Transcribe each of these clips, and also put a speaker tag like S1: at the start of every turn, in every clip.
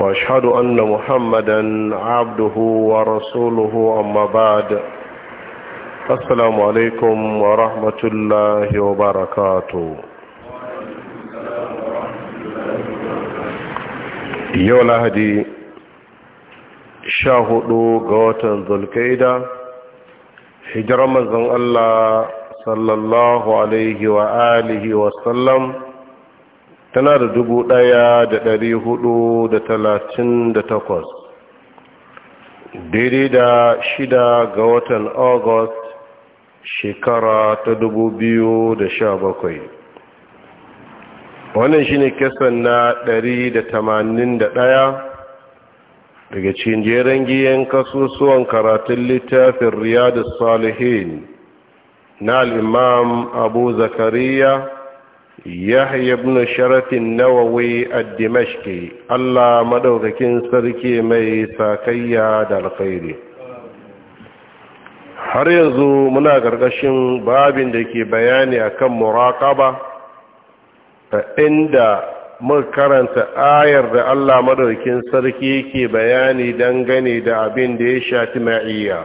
S1: واشهد ان محمدا عبده ورسوله اما بعد السلام عليكم ورحمه الله وبركاته yau lahadi sha hudu ga watan zulkaida hijirar manzon allah sallallahu alaihi wa alihi wasallam tana da dubu ɗaya da ɗari hudu da talatin da takwas daidai da shida ga watan august shekara ta dubu biyu da sha bakwai wannan shi ne kesan na ɗari da tamanin da ɗaya daga cikin jeren giyan kasusuwan karatun littafin riyadu salihin na al'imam abu zakariya yahya ibn sharafin nawawi a dimashqi Allah maɗaukakin sarki mai sakayya da alkhairi har yanzu muna gargashin babin da ke bayani akan muraqaba ta inda mun karanta ayar da Allah maɗaukakin sarki ke bayani dangane da abin da ya shafi ma'iyya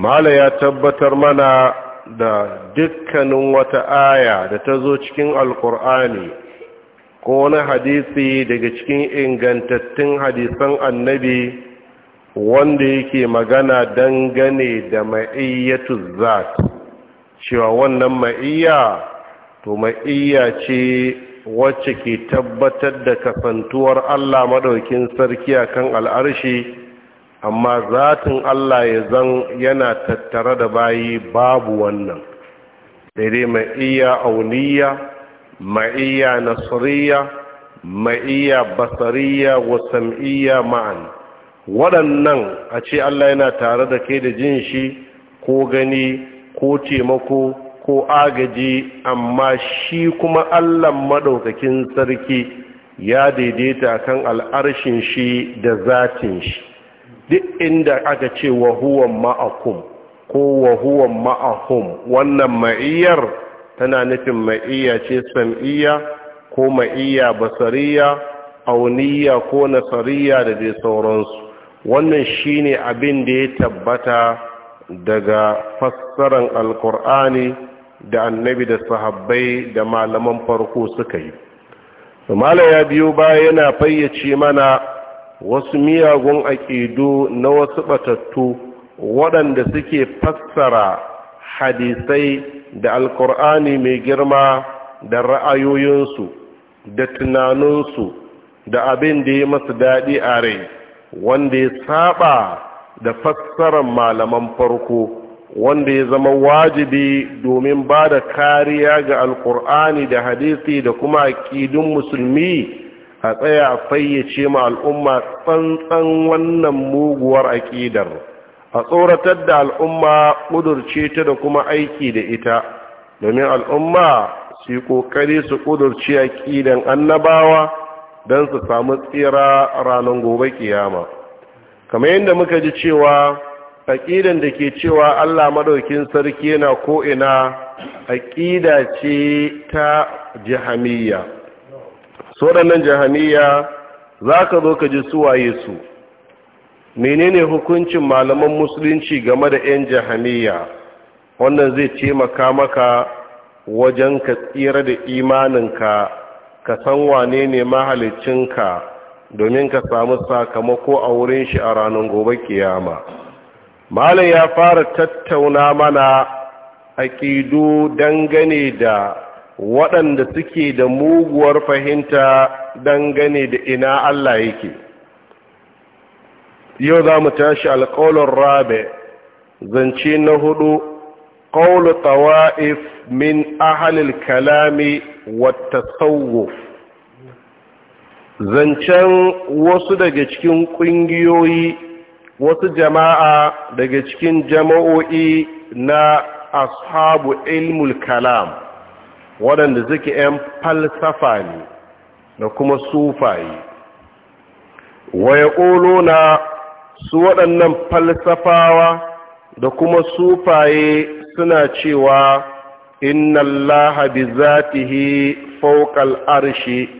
S1: mala ya tabbatar mana da dukkanin wata aya da ta zo cikin alkur'ani ko wani hadisi daga cikin ingantattun hadisan annabi wanda yake magana dangane da ma'iyyatu zat cewa wannan ma'iyya to ma'iyya ce wacce ke tabbatar da kasantuwar Allah maɗaukin sarki akan al'arshi amma zatin Allah ya zan yana tattare da bayi babu wannan daidai iya auniya iya nasriya iya basariya wa sam'iya ma'an waɗannan a ce Allah yana tare da kai da jin shi ko gani ko taimako ko agaji amma shi kuma Allah maɗaukakin sarki ya daidaita kan al'arshin shi da zatin shi duk inda aka ce wa huwa ma'akum ko wa huwa ma'ahum wannan ma'iyyar tana nufin ma'iyya ce sam'iyya ko ma'iyya basariya auniyya ko nasariya da dai sauransu wannan shine abin da ya tabbata daga fassaran alkur'ani da annabi da sahabbai da malaman farko suka yi malam ya biyo baya yana fayyace mana wasu miyagun aƙidu na wasu batattu waɗanda suke fassara hadisai da alkur'ani mai girma da ra'ayoyinsu da tunaninsu da abin da ya masu daɗi a rai wanda ya saba da fassarar malaman farko wanda ya zama wajibi domin ba da kariya ga alkur'ani da hadisi da kuma aƙidun musulmi a tsaya a fayyace ma al'umma tsantsan wannan muguwar aƙidar a tsoratar da al'umma ƙudurce ta da kuma aiki da ita domin al'umma su ƙoƙari su ƙudurce aƙidan annabawa don su samu tsira ranar gobe kiyama kamar yadda muka ji cewa aƙidan da ke cewa allah maɗaukin sarki yana ko'ina aƙida ce ta jihamiyya su waɗannan jahamiya za ka zo ka ji suwaye su menene hukuncin malaman musulunci game da 'yan jahamiya wannan zai taimaka maka wajen ka tsira da imaninka ka san wane ne mahalicinka domin ka samu sakamako a wurin shi a ranar gobe kiyama malam ya fara tattauna mana aƙidu dangane da waɗanda suke da muguwar fahimta dangane da ina Allah yake yau za mu tashi alƙaunar rabe zance na hudu ƙaunar tawa'if min ahalil kalami wata tsawo. zancen wasu daga cikin ƙungiyoyi wasu jama'a daga cikin jama'o'i na ashabu ilmul kalam waɗanda suke 'yan falsafa ne da kuma sufaye waya ƙolo na su waɗannan falsafawa da kuma sufaye suna cewa inna za bi zatihi fauƙar arshi